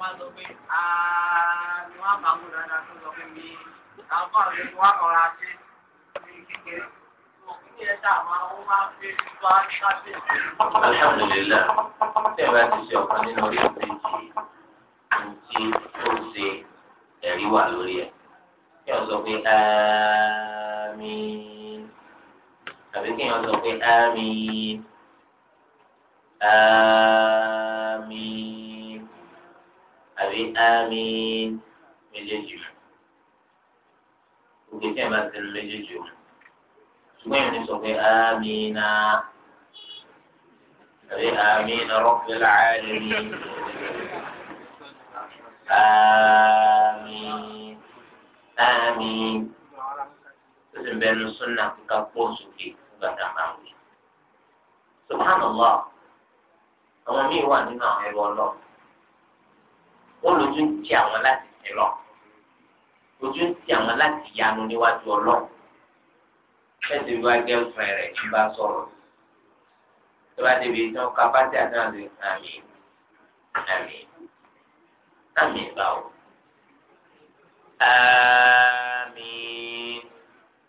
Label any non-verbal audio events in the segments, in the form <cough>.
wọ́n sọ pé ni wọ́n bá mú dáadáa tó sọ pé mi àwọn kọ́ àwọn ẹ̀kọ́ wá kọ́ra sí ní kékeré. Alhamdulillah, ṣé ìwà ti ṣe ọ̀kan nínú orí ọ̀sẹ̀ tí ó ṣe ẹ̀rí wà lórí ẹ̀? Kí ọ àbí àmín méjèèjì òkè tí ẹ máa ti nu méjèèjì o ṣùgbọ́n ìrìn sọ pé Amina. náà àbí àmín náà rabbil alamin àmín àmín tó sì ń bẹnu súnà kíkà pọ̀ sókè gbàdá máa wí. subhanallah àwọn míì wà nínú àwọn ẹ̀rọ ọlọ́run. wọn lójú ń ti àwọn láti tẹ lọ lójú ń ti àwọn láti yanu níwájú Ọlọ́run fẹsẹ̀ bí wàá gẹ́fẹ̀ rẹ̀ ń bá sọ̀rọ̀ tó bá débi tán kápásí àtàwọn àmì àmì àmì báwo àmì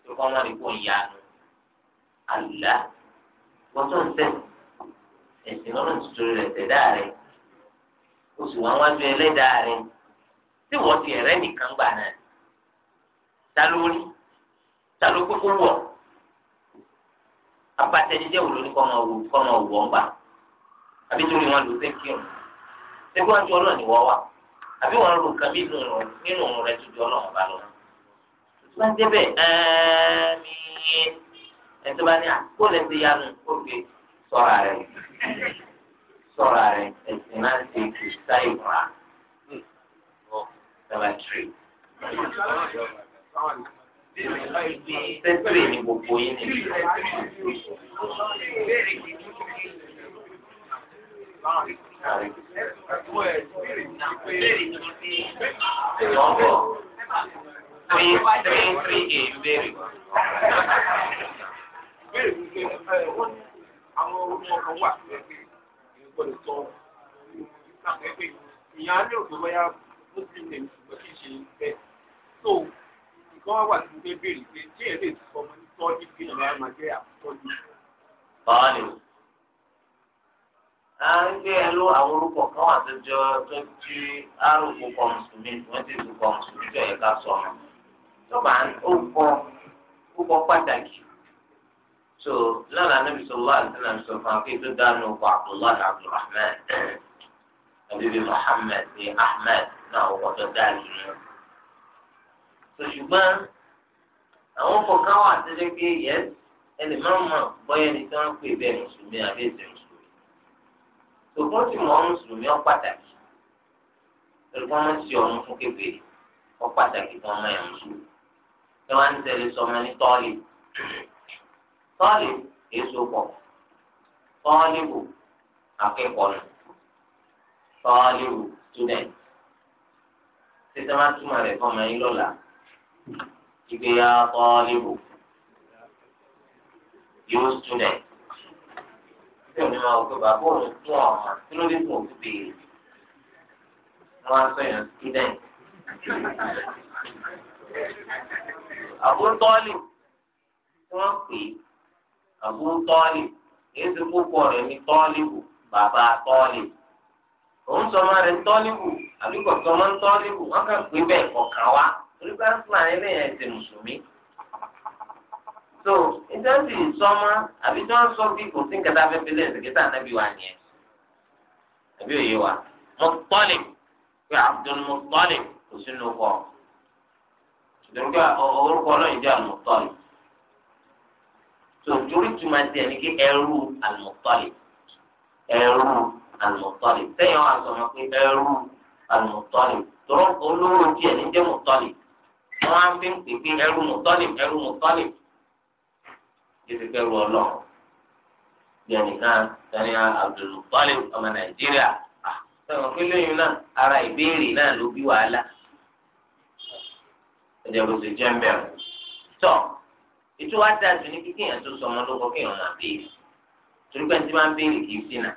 tó kọ́ wọn ni kò yanu àlùlá wọ́n tó ń sẹ́yìn ẹ̀sìn lọ́nà tuntun rẹ̀ tẹ̀dá rẹ̀. o sì wá wájú ẹlẹ́dàá rẹ tí wọ́n ti ẹ̀rẹ́ nìkan gbà náà ta ló rí ta ló kókó wọ̀ abatẹ́jíjẹ́ wò lórí kọ́ wò kọ́ máa wọ̀ ńgbà àbí torí wọn lò sẹ́kì náà ni wọ́n wà àbí wọn rò nǹkan bí nínú òun rẹ tuntun ọlọ́run bá lọ. wọ́n ń débẹ̀ ẹ̀ẹ́mí ẹ̀tọ́ bá ní gbé máa ń ṣe kìsà ìwà sàlàtìrì. Sẹ́tìrì ni gbogbo yín ni. Ìlọ́bọ̀ three three three eight bẹ̀rẹ̀. Bẹ́ẹ̀ni, àwọn orúkọ kan wà ní ẹgbẹ́ ìgbọ́dọ̀ sọ. kàfẹ́ pé ìyẹn á lérò pé bóyá muslim name ṣùgbọ́n kì í ṣe bẹ́ẹ̀ so nǹkan wá wà tí mo fẹ́ béèrè pé ṣé ẹ lè sọ ọmọ ní tọ́jú bí ìyàrá máa jẹ́ àkọ́jú. báyìí à ń gbé ẹ ló àwọn orúkọ kan wà tó jọ tó jí àròkọ kọ mùsùlùmí wọn ti kọ mùsùlùmí tó yẹ ká sọ ọmọ tó ó kọ ó kọ pàtàkì so lánàá níbi sọ wá àti náà sọ fún akéwì tó dáná ọkọ Abdullahi Abdulrahman àbíbi Muhammad ní Ahmed náà ọ̀dọ̀ dáàbì yẹn. ṣùgbọ́n àwọn fọkàn wà tẹ́lẹ̀ pé yẹn ẹni máa mọ̀ bọ́yá ẹni tí wọ́n pè bẹ́ẹ̀ mùsùlùmí àbí ẹ̀sẹ̀ mùsùlùmí. ṣùgbọ́n tí mọ̀ mùsùlùmí ọ pàtàkì pẹ̀lú kí wọ́n ti ọ̀run fún kékeré ọ pàtàkì kí wọ́n mọ̀ ẹ̀ mùsùlùmí. ẹ wá ń tẹ̀lé sọmọ tọ́líwù student títí máa túmọ̀ rẹ̀ fún ọmọ yín lọ́la ìgbéyà tọ́líwù yóò student tí òní máa wọ pé bàbá òun tún ọ̀mà tí ló dé fún òfin béèrè wọn á sọ yẹn student àbúntọ́lì tí wọ́n pè é àbúntọ́lì èyí ti kó pọ̀ rẹ̀ ní tọ́líwù bàbá tọ́líwù. òun sọmọ rẹ̀ tọ́líwù àbíkọ̀ sọmọ ń tọ́líwù wọ́n kàn pé bẹ́ẹ̀ kọ̀ọ̀kan wá torí bá fúlàní so ìjọ́sìn ìsọmọ àbí tí wọ́n sọ bí kò sí nǹkan tá a fẹ́ fi lẹ́sẹ̀ kí tá a nábì wá nìyẹn. àbí òye wa Muttalib pé al so torí tuma tiẹ̀ ní kí ẹrú al ẹrú àlùmọ̀tọ́lì sẹ́yìn wà sọ ma pé ẹrú àlùmọ̀tọ́lì tọ́rọ olówó díẹ̀ ní jẹ́ mọ̀tọ́lì wọ́n á fi ń pè pé ẹrú mọ̀tọ́lì ẹrú mọ̀tọ́lì títí kẹrù ọlọ́ yẹnìkan sani Abdulmuttalib ọmọ Nàìjíríà sọ̀rọ̀ ah, pé lóyún náà ara ìbéèrè náà ló bí wàhálà ẹ̀jẹ̀ kò sì jẹ́ mẹ́rin tọ́ ètò wa dáa jù ní kíkéèyàn tó sọmọ lóko kéèyàn máa béèrè torí pé ẹni tí máa ń kì í sí náà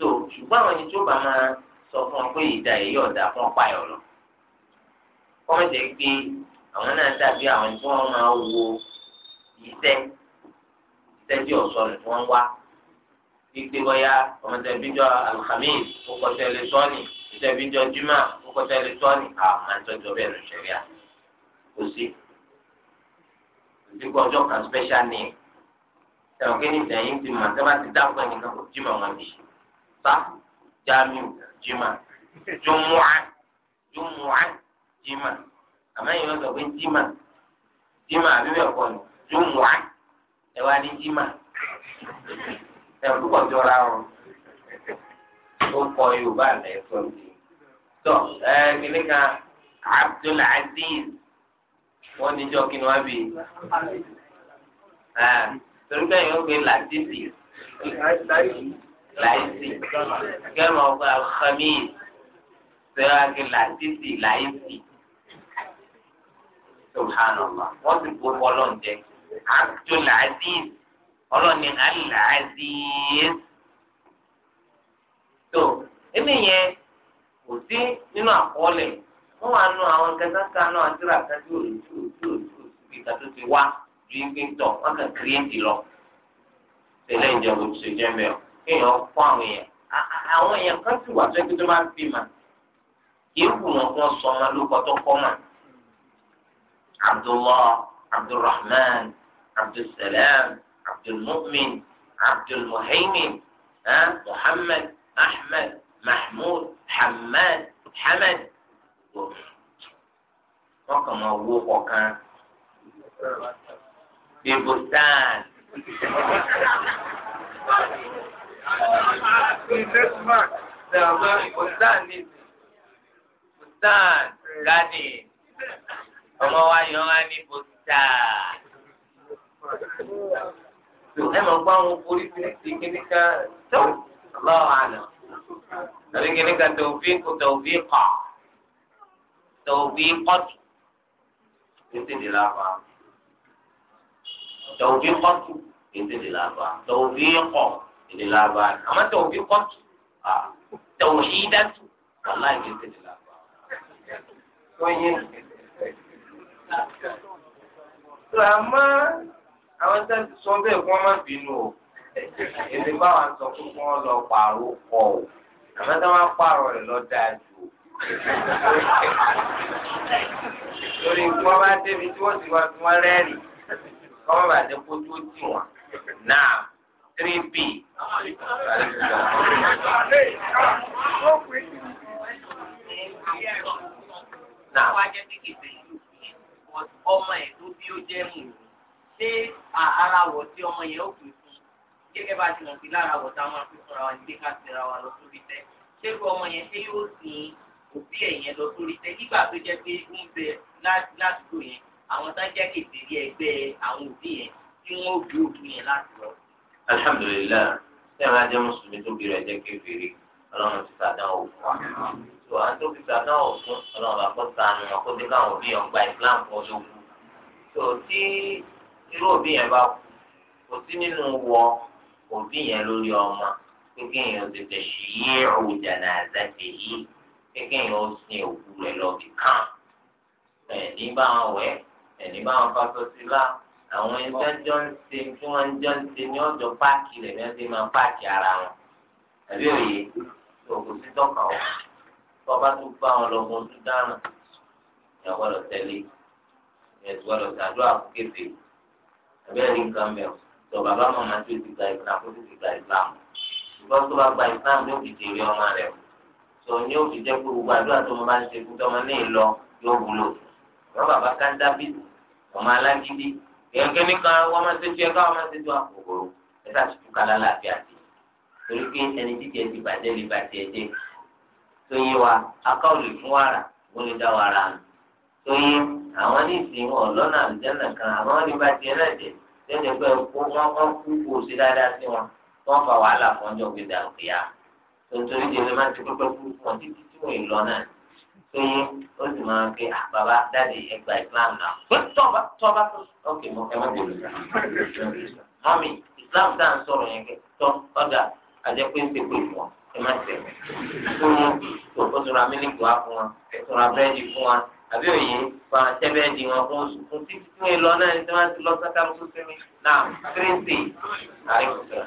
so ṣùgbọ́n àwọn ẹni tó bá máa sọ fún ọ pé ìdá èyí ọ̀dà fún ọ̀pá ẹ̀ ọ̀rọ̀ kọ́mọ̀tẹ̀ pé àwọn náà dàbí àwọn ẹni tí wọ́n máa wo iṣẹ́ iṣẹ́ bí ọ̀sọ́ ni wọ́n wá gbígbé bọ́yá ọmọdé bíjọ alhamis ọkọ̀tẹ̀ ẹlẹ́tọ́nì iṣẹ́ bíjọ jimá ọkọ̀tẹ̀ ẹlẹ́tọ́nì àwọn máa ń tọ́jú ọbẹ̀ ẹ̀rọ ìṣẹ̀ríà kò sí kò sí kó ọjọ́ kan special name ẹ̀rọ kí ni ìtẹ̀yìn ti mọ̀ tẹ́ bá ti dáhùn ẹ̀yìn kan kò jimá wọn bì í sa jamiu jima jumua jumua jima àmọ́ èèyàn sọ pé jima jima àbí bẹ́ẹ̀ kọ́ ni jumua ẹ wá ní jima ẹ púpọ̀ jọra o ó kọ yorùbá lẹ sọ ní. tọ ẹ kìnìún kan Abdul wọn níjọ kí ni wọn bí torí bẹ́ẹ̀ yóò gbé làtìsì láìsí kẹ́mọ̀ ọgbà xami sẹ́wájú làtìsì láìsí subhanallah wọ́n ti kó ọlọ́njẹ àtúntò làásìs ọlọ́ni àlàásìs tó ẹni yẹn kò sí nínú àkọọ́lẹ̀ wọ́n wà nù àwọn kẹsàkà náà àtúrà kájú òtú òtú òtú òtú ìka tó ti wá ju ìgbìntàn wọ́n kàn kírẹ́ǹtì lọ tẹ̀lé ìjọba òtún ṣe kéèyàn fún àwọn èèyàn àwọn èèyàn kan sì wà tó kí tó máa fi mà kí wù wọn kó wọn sọ ọmọ lóko tó kọ mà abdullah abdulrahman abdulsalam abdulmumin abdulmuhaimin muhammed ahmed mahmud hamad hamad wọn kàn máa wó kọkan bíbùtán. investment ṣàwọn ìkọ̀sán ní ìkọ̀sán rani ọmọ wa yàn wá ní bòtà. ẹ mọ̀ gbọ́ àwọn oríṣiríṣi kíní kan tó lọ́wọ́ àná. Tàbí kíní kan tòbí kò tòbí kọ̀ tòbí kọ̀tù. Ètè lè la fa. Tòbí kọ̀tù ètè lè la fa. Tòbí kọ̀ èdè làbà àmọ́ tẹ̀ òbí kọ́tù tẹ̀ òbí dátù wàhálà ìdí tẹ̀ làbà. tó a mọ àwọn tẹ́ ti sọ bẹ́ẹ̀ kí wọ́n má bínú o èdè báwa sọ pé kí wọ́n lọ pààrọ̀ pọ̀ o àmọ́ tẹ́ wọ́n á pààrọ̀ rẹ̀ lọ dáa jù o lórí nǹkan bá débi tí wọ́n ti wá fún wọn rẹ́ẹ̀rì kọ́mọ́ bàjẹ́ kó tó tì wọ́n náà three b. ọmọ ẹ̀ tó bí ó jẹ́ mú un ṣé ara wọ̀ tí ọmọ yẹn ó pè fún gẹ́gẹ́ bá ti mọ̀ sí lára wọ̀ tá a máa fi fúnra wa nílé ká tẹ̀ra wa lọ sórí tẹ́ ṣé irú ọmọ yẹn ṣé yóò sin òbí ẹ̀ yẹn lọ sórí tẹ́ nígbà tó jẹ́ pé ń bẹ ládùúgbò yẹn àwọn tá jẹ́ kékeré ẹgbẹ́ àwọn òbí yẹn tí wọ́n ó gbé òbí yẹn láti lọ alhamdulilayi ṣé àwọn ajẹ́ mùsùlùmí tó bí rẹ̀ jẹ́ kékeré ọlọ́run ti sàdánwò fún wa tó àwọn tó fi sàdánwò fún ọlọ́run bá kọ́ sànù wọn kó dé káwọn òbí yẹn gba islam kan ló kú tó tí irú òbí yẹn bá kú kò sí nínú wọ òbí yẹn lórí ọmọ kékeré yẹn ó ti tẹ̀ sí yíyẹ̀wò jàǹdà yìí kékeré yẹn ó sin òkú rẹ̀ lọ́ọ̀bì kan ẹ̀ní bá wọn wẹ̀ ẹ̀ní bá wọn fásọ sí láà àwọn ìjọ́jọ́ ń ṣe tí wọ́n ń jọ ń ṣe ní ọ̀dọ̀ páàkì rẹ̀ ní ọdún máa páàkì ara wọn àbí òye òkú sí tọ́ka wọn tó bá tún bá wọn lọ́gbọ́n tún dáná ìyá gbọ́dọ̀ tẹ̀lé ìyá gbọ́dọ̀ tàdó àkókèfé àbẹ́rẹ́ nǹkan mẹ́ọ̀ tó bàbá màmá tó ti gba ìfúnná kó tó ti gba ìfúnná ṣùgbọ́n tó bá gba ìsìlámù yóò fi jèrè ọmọ rẹ̀ o tó ní yóò fi jẹ́ pé gbogbo àdúrà tó mo bá ń ṣe fún tọmọ ní ìlọ yóò wúlò wọn èèyàn kẹ́ni kan wọ́n máa ṣe tiẹ̀ káwọn máa ṣe tó àkókòrò ẹ̀ta ti túká lálàáfíà sí i torí pé ẹni jíjẹ ti bàjẹ́ lè bàjẹ́ dé tó yé wa akáwò lè fún wàrà wọ́n lè dá wàrà nù tó yé àwọn ní ìsìn wọn lọ́nà àlùjáná kan àwọn ní bàjẹ́ náà jẹ tẹ́lẹ̀ pé wọ́n kọ́ kú kó o ṣe dáadáa sí wọn wọ́n fa wàhálà fún ọjọ́ gbé dàrúkìá tó ń torí jẹ́ lè má ti pẹ́pẹ́ kú fún ọ tó mú ó sì máa ń pè á ah, bàbá dáàdi ẹgbà islam náà pé tọ́ba tọ́ba tó ok mo ẹ má bèrè mọ́mí islam tá à ń sọ̀rọ̀ yẹn kẹ́ tọ́ ọ̀dà àjẹpé ń ṣe pé fún ọ ẹ má tẹ̀ tó mú tó ó tura mílíkì wá fún wa ẹ tura búrẹ́dì fún wa àbí òye fún àtẹ́bẹ́ẹ̀dì wọn fún oṣù fún títí tí wọ́n náà ní tí wọ́n ti lọ sákàmù tó sẹ́mi náà tírínṣì àríkùsọ̀rọ̀.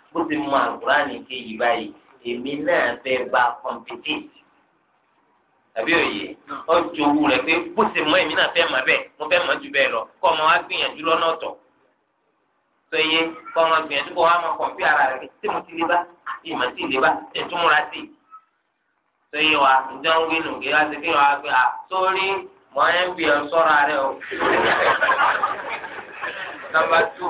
bó ti mọ àgùránì kéyìí báyìí èmi náà fẹ́ bá kọ́mpìtìtì tàbí òye ọjọ́ owó rẹ̀ pé bó ti mọ èmi náà fẹ́ mọ̀ bẹ́ẹ̀ mo fẹ́ mọ̀ jù bẹ́ẹ̀ lọ kọ́ ọmọ wa gbìyànjú lọ́nà ọ̀tọ̀ tó yẹ kọ́ ọmọ gbìyànjú kọ́ wa mọ̀ kọ̀m̀pí ara rẹ̀ tí mo ti lè bá ìmọ̀ tí lè bá ètò múra sí i tó yẹ wa ǹjẹ́ ń wí kí wá sí kí wọ́n á gbé a sórí mọ̀ ẹ́ ń bì ọ́ sọ́ra rẹ̀ o. <laughs> nọ́mbà two.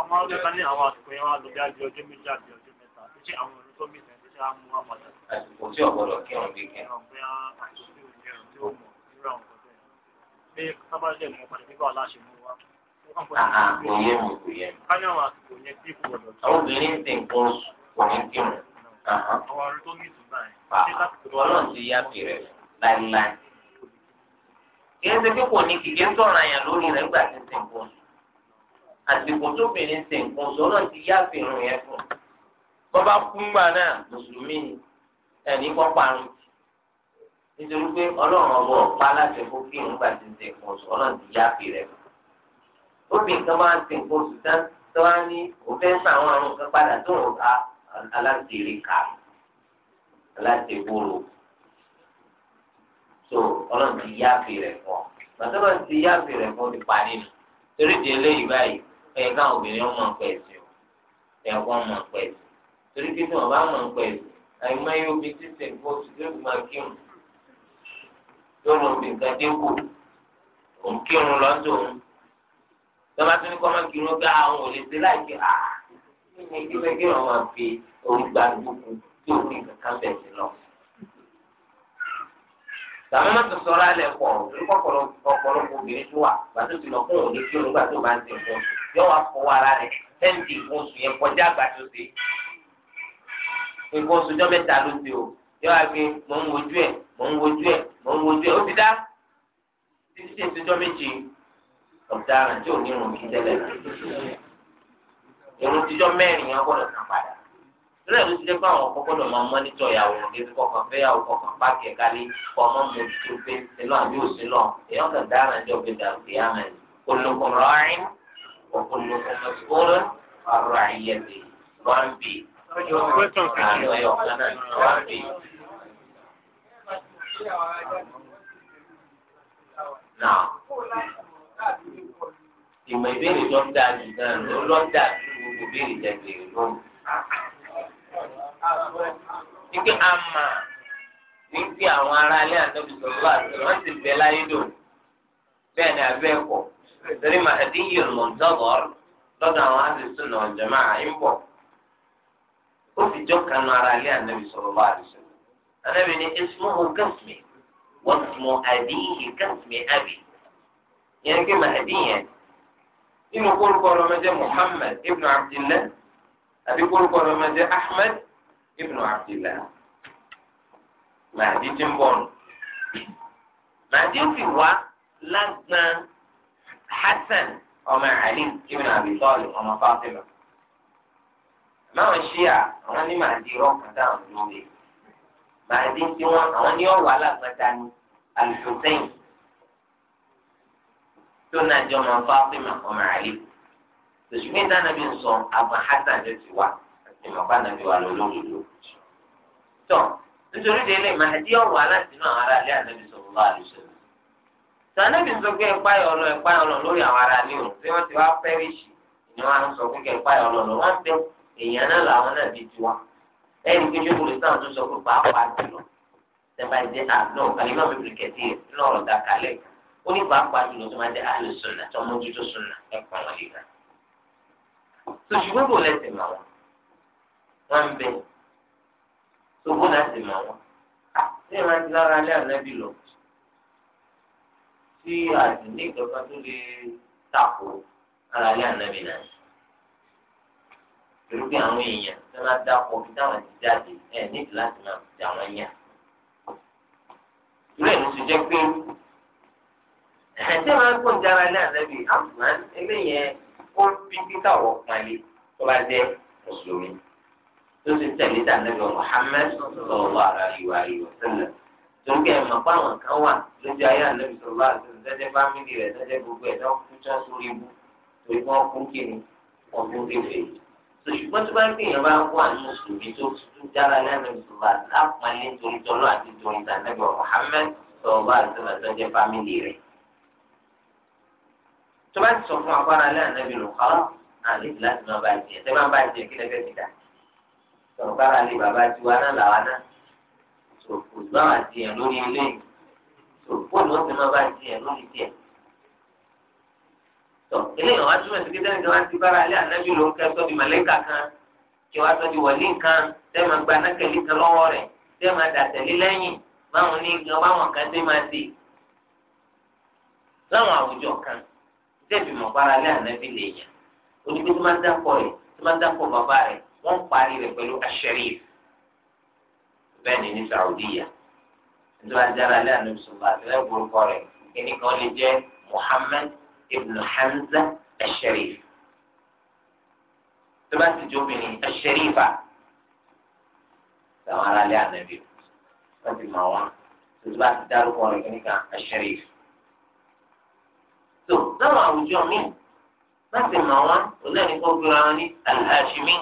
ọmọ ọdún kan ní àwọn àsìkò yẹn wá lọ bí ajé ọjọ́ méjì àti ọjọ́ mẹ́ta tó ṣe àwọn ọdún tó mí sẹ́yìn tó ṣe á mú àwọn àdá. àsìkò tí ọ̀gbọ́dọ̀ kí ọ̀run kékeré. ọ̀run pé àsìkò tí ò ní ọ̀run tí ó mọ̀ nírú àwọn ọ̀dọ́ yẹn. pé sábàjẹ́ ni mo pàdé pípa aláṣẹ mú wa. kò yé mi kò yé mi. káyọ̀ àwọn àsìkò yẹn kí wọn. ṣe pé kò ní kì í ṣe ń tọ̀ràn lórí rẹ̀ nígbà tí ń sìn kó sùn àsìkò tóbìnrin ṣe nǹkan sọ náà ti yá àfihàn yẹn fún un bọ́bá kúngbà náà mùsùlùmí ni ẹ̀ní kọ́ parun jù nítorí pé ọlọ́run ọ̀bọ̀ ọ̀pá láti ẹ̀kọ́ kí òun gbà ti ṣe nǹkan sọ náà ti yá àfihàn rẹ̀ fún un obìnrin kan máa ń ṣe nǹkan sùn tán tó wá ní òfẹ́ sàwọn àrùn kan padà tó ń ka aláṣẹ̀rẹ̀ kà aláṣẹ̀wòrò so ọlọ́run ti yá àfihàn rẹ̀ fún un màtọ́lọ́run ti yá àfihàn rẹ̀ fún un ti parí torí di eléyìí báyìí ẹ̀yẹ káwọn obìnrin ọmọ ọ̀pẹ ẹ̀sìn o ẹ̀yẹ kó ọmọ ọ̀pẹ ẹ̀sìn torí pé tí wọn bá mọ ọ̀pẹ ẹ̀sìn àìmọ ẹ̀yẹ omi títí nǹkan oṣù tó fi máa kírun lọ́rùn omi nǹkan dínkù òun kírun lọ́dọ̀ òun lọ́ba tó ní kọ́ máa kírun gbá àwọn ah, ò lè ṣe láìkí à ní ìgbésẹ̀ kírun máa tàbí má tó sọ̀rọ̀ alẹ́ pọ̀ torí ọ̀pọ̀lọpọ̀ obìnrin tó wà gbàtó ti lọ fún òní kí olùgbà tó bá ń ti fún yọ wá fọwọ́ ara rẹ̀ sẹ́ńtì ìfún oṣù yẹn kọjá àgbà tó ṣe. nǹkan oṣù mẹ́ta ló ṣe o yọ wá pé mò ń wojú ẹ̀ mò ń wojú ẹ̀ mò ń wojú ẹ̀ ó ti dá títí tí èso jọ́ méje ọ̀daràn tí ò ní irun kí tẹ́lẹ̀ lórí ẹ̀mí ti jẹ́ pé àwọn ọkọ gbọ́dọ̀ máa mọ́nítọ̀ ìyàwó ní kọ̀ọ̀kan fẹ́ ìyàwó kọ̀ọ̀kan páàkì ẹ̀ka lé kọ́ ọmọ mi tó pé sílọ àbí òsínlọ èèyàn kan dára ní ọ̀gbìn dàgbé àmì kólókùn rọ́ọ̀rín òkòlókùn mọ̀síkóró ọ̀rọ̀ àyẹ̀dẹ̀ rọ́ǹbì àlọ́ ẹ̀yọ̀kan náà rọ́ǹbì. náà ìmọ̀ ìbéèrè tó ń dáa jù náà ló lọ́ dáa ju gbogbo ìbéèrè jẹ ike ama wípé àwọn ará ilé ànábì sọlá wọn ti bẹ láyé dò bẹ́ẹ̀ ni abẹ kọ torí màdí yìí ló ń dọgọ lọ́dọ̀ àwọn àdìsí nà ń bọ̀ ó fi jọ kanu ará ilé ànábì sọlá sọ̀rọ̀ ànábì ni ismuhu gasmi wọn ismu àdìyí gasmi àbí yẹn kí màdí yẹn nínú kórukọ ọlọmọdé muhammad ibn abdillah àbí kórukọ ọlọmọdé ahmed. ibnu abdillah màdí ti ń bọ̀ nù màdí ó fi wá lágbọn hasan ọmọ ali ibnu abi talib ọmọ fatima máa ṣíà àwọn ní màdí lórí màdì ń fi wọn àwọn ní ọ̀wọ́ alágbàdá ni al-Husayn tó náà jẹ́ ọmọ fatima ọmọ ali tòṣùgbọ́n dáná bí ń sọ àgbọn hasan ló ti wá àti màbá nàbí wà lọ́lọ́dọ̀dọ̀. tọ̀ nítorí délé màdí ọ̀wà láti àwọn ará ilé ànábì sọ̀rọ̀ lọ́wọ́ àdìsọ́nù. sànábì ń sọ pé ẹ̀pá ọ̀lọ́ ẹ̀pá ọ̀lọ́ lórí àwọn ará tí wọ́n ti wá pẹ́rìṣì ni wọ́n á sọ pé ọlọ lọ wọ́n bẹ èèyàn náà làwọn náà bí tiwa. ẹnì tó sọ pé pàápàá jùlọ ìdí ó ní pàápàá jùlọ tó gbogbo náà sì mọ̀ wọ́n. Ṣé ìwà ti lára alẹ́ ànábì lọ? Tí àdìní ìjọba tó lè tako ara alẹ́ ànábì náà. Irúgbìn àwọn èèyàn tó máa dápọ̀ bí táwọn ti jáde ẹ̀ nídìí láti máa fi jà wọ́n yàn. Ìwé ìlú ti jẹ́ pé ẹ̀sẹ̀ máa ń gbọ́n jára alẹ́ ànábì. Àmọ́ eléyẹn ó fi bí káwọ̀ pàlẹ́ tó bá jẹ́ mùsùlùmí tó sì tẹ̀lé dànẹ́bẹ̀ Muhammad sallallahu alaihi wa alihi wa sallam. torí kẹ́ ẹ̀ mọ̀ pé àwọn kan wà lójú ayé ànábì sallallahu alaihi wa sallam tẹ́tẹ́ fámìlì rẹ̀ tẹ́tẹ́ gbogbo ẹ̀ tó kú tó sórí ibú torí wọ́n kú kí ni wọ́n kú kí fè. ṣùgbọ́n tó bá ń gbìyànjú bá wà ní mùsùlùmí tó tún jára ní ànábì sallallahu alaihi wa nítorí tọ́lọ́ àti Muhammad sallallahu alaihi wa sallam tẹ́tẹ́ fámìlì rẹ̀. tó bá ti sọ fún agbára lẹ́ ànábì lò kọ́ àlejò láti sọ̀rọ̀kára ni bàbá tiwa náà làwa náà sòfò náà tiẹ̀ lórí eléyìí sòfò ló ti máa bá tiẹ̀ lórí tiẹ̀. tọ́ eléyìí wọ́n á túmọ̀ sí kíkẹ́ nígbà wọ́n ti bára alẹ́ ànájú ló ń kẹ́ sọ́bi màlẹ́kà kan kí wọ́n á sọ́bi wọ̀lé nǹkan tẹ́ máa gba nákẹ́lí kan lọ́wọ́ rẹ̀ tẹ́ máa dàtẹ̀lé lẹ́yìn báwọn ní gan báwọn kan tẹ́ máa dé. láwọn àwùjọ kan tẹ́bi mọ̀ bára alẹ́ ànábì lè yàn onígbé tó máa dákọ̀ rẹ̀ tó máa dákọ̀ bàbá rẹ̀ wọ́n parí rẹ̀ pẹ̀lú asherif bẹ́ẹ̀ ni ní Saudiya nítorí ajára lẹ́yìn àná bisimilá àtẹlẹ́ gbórúkọ rẹ̀ kíní kan lè jẹ́ muhammed ibn Hamza asherif tó bá ti jó mi ní asherifa làwọn ará lẹ́yìn àná bí wọ́n ti mọ̀ wọ́n tó bá ti dárúkọ rẹ̀ kíní kan asherif tó láwọn àwùjọ míì ti mọ̀ wọ́n òun náà ní kó gbéra wọn ní alhashimi.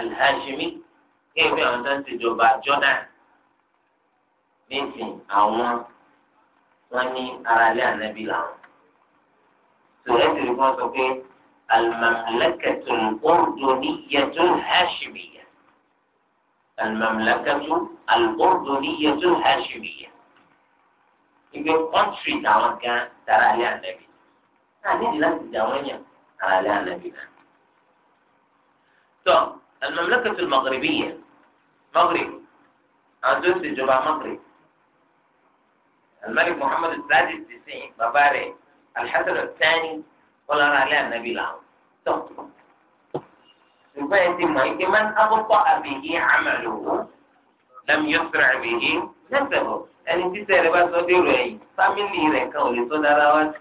alhashimi kéèké àwọn tó ń ṣèjọba jordan nísìn àwọn wọn ní aráalé ànábì làwọn sòrẹ́sì rí wọn sọ pé almamlakatul urduniyatul hashimiya almamlakatul urduniyatul hashimiya ìgbé kọ́ńtírì làwọn gan aráalé ànábì náà nídìí láti dà wọ́n yàn aráalé ànábì náà. المملكة المغربية مغرب عندهم الجبع مغرب الملك محمد السادس التسعين باباري الحسن الثاني ولا لا النبي لهم ثم يتم من أبطأ به عمله لم يسرع به نسبه يعني تسأل سيربات وديره أي فاميلي ركاولي صدر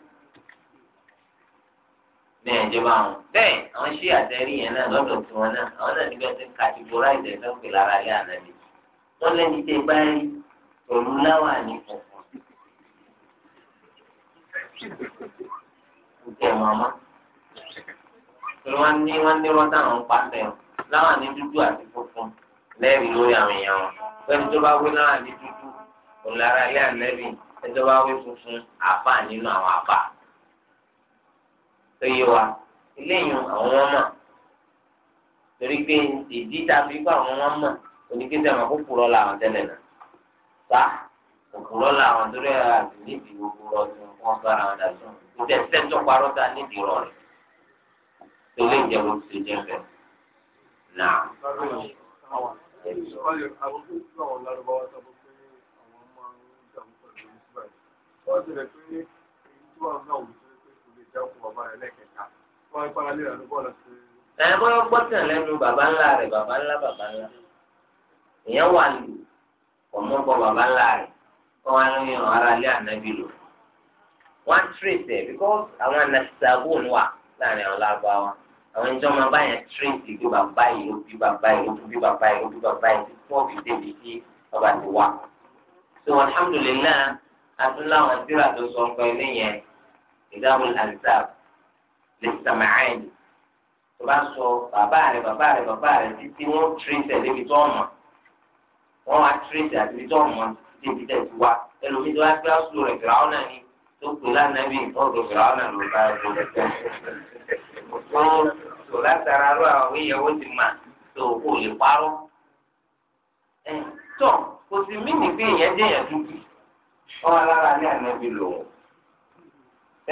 bẹ́ẹ̀ ìjọba àwọn bẹ́ẹ̀ àwọn ṣí àtẹ́rí yẹn náà lọ́dọ̀ tí wọn náà àwọn náà níbẹ̀ ti categorize ẹ̀fẹ́ pè lára ilé ànábi wọ́n lẹ́ni tẹ́ bá rí pẹ̀lú láwà ní funfun. ǹjẹ́ màmá wọ́n ní wọ́n ní rọ́tà àwọn pàṣẹ láwà ní dúdú àti funfun lẹ́rìí lórí àwọn èèyàn wọn pẹ̀lú tó bá wí láwà ní dúdú òun lára ilé ànábi ẹjọ́ bá wí funfun àbá nínú àwọn àbá péye wa eléyìí àwọn ọmọ torí pé ìdí tàbí pé àwọn ọmọ oníkéde àwọn kókòrò làwọn tẹ́lẹ̀ náà sá kòkòrò làwọn torí àti níbi gbogbo ọtí wọn bára wọn dà sùn kò tẹ sẹtọ parọ ta níbi rọ rẹ tó lè jẹ bó ti jẹ bẹ́ẹ̀ náà. Wọ́n ti rẹ̀ pé èyí tó ìjọkùn bàbá rẹ̀ lẹ́kẹ̀ẹ́ta wọ́n ń paralẹ́ rẹ̀ ló bọ́ọ̀lù sí. ẹ mọ gbọ́tàn lẹ́nu bàbá ńlá rẹ̀ bàbá ńlá bàbá ńlá ìyẹn wà lù ọmọkọ bàbá ńlá rẹ̀ kọ́ wa lóyún ara lé ànábì lò wọ́n tírèsì ẹ̀ because àwọn anasagún wà láàrin àwọn lágbàá àwọn ìjọ máa bá yẹn tírèsì bí bàbá yìí ló bí bàbá yìí ló bí bàbá yìí ló bí bàbá yìí fún òbí débi tí ọba ti wà. so alhamdulilayi adúláwọn tíra tó sọ pé ilé yẹn ìdáhùn al-ansab lis-sam'ani tó bá sọ bàbá rẹ̀ bàbá rẹ̀ bàbá rẹ̀ títí wọ́n tírèsì ẹ̀ débi tó mọ̀ wọ́n wá tírèsì àti débi tó mọ̀ títí débi tẹ̀ ti wá ẹlòmíì tó wá gbé ọ̀ṣun rẹ̀ gíràwọ́n náà ni tó kù lánàbí ọ̀dọ̀ gíràwọ́n náà ló bá ẹ̀kọ́ lẹ́kọ́ wọ́n sọ látara rú àwọn ìyàwó ti mà tó kò lè parọ́ ẹ̀ tọ́ kò sì mí nìgbé ìyẹn dé yẹn dúdú ọ alára ní ànábì lòun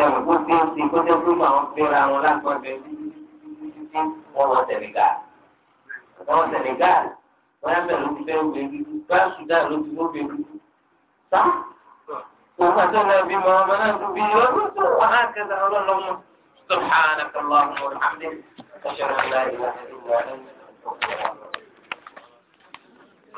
ẹ̀rù kó ti ti kó tẹ́ fún àwọn fẹ́ra wọn lásán bẹ títí wọ́n wọ Senegal wọ́n Senegal wọ́n yá bẹ̀rù ti fẹ́ wẹ̀ dúdú bá Sudan ló ti fẹ́ dúdú sá òun àti ọ̀nà ìbí mọ ọmọ náà dúbí ọdún tó wà á kẹta ọlọ́lọ́mọ سبحانك اللهم وبحمدك أشهد أن لا إله إلا أنت